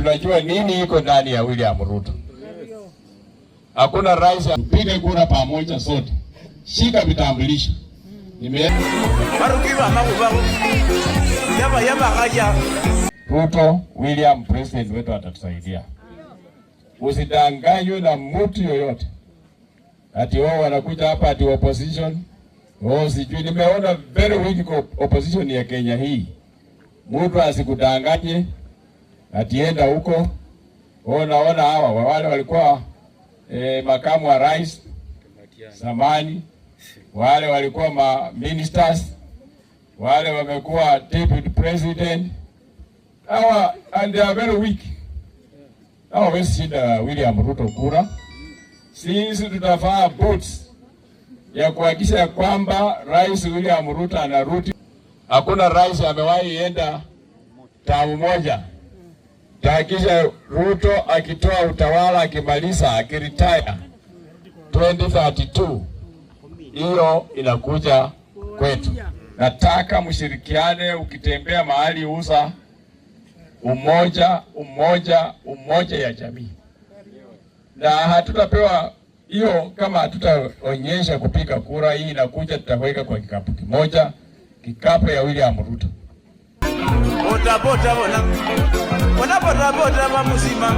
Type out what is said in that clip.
tunajua nini iko ndani ya William Ruto. Hakuna rais mpige kura pamoja sote. Shika vitambulisho. Nime Ruto William president wetu atatusaidia. Usidanganywe na mtu yoyote. Ati wao wanakuja hapa ati opposition. Wao oh, sijui nimeona very weak opposition ya Kenya hii. Mtu asikudanganye atienda huko. Naona hawa wale walikuwa e, makamu wa rais zamani, wale walikuwa ma ministers, wale wamekuwa deputy president, hawa and they are very weak. Hawa wezi shinda William Ruto kura. Sisi tutavaa boots ya kuhakikisha kwamba rais William Ruto anarudi. Hakuna rais amewahi enda tamu moja Tahakisha Ruto akitoa utawala akimaliza akiritaya 2032 hiyo inakuja kwetu. Nataka mshirikiane, ukitembea mahali usa umoja umoja umoja ya jamii, na hatutapewa hiyo kama hatutaonyesha kupiga kura. Hii inakuja tutaweka kwa kikapu kimoja, kikapu ya William Ruto. wanapotapotawa muzima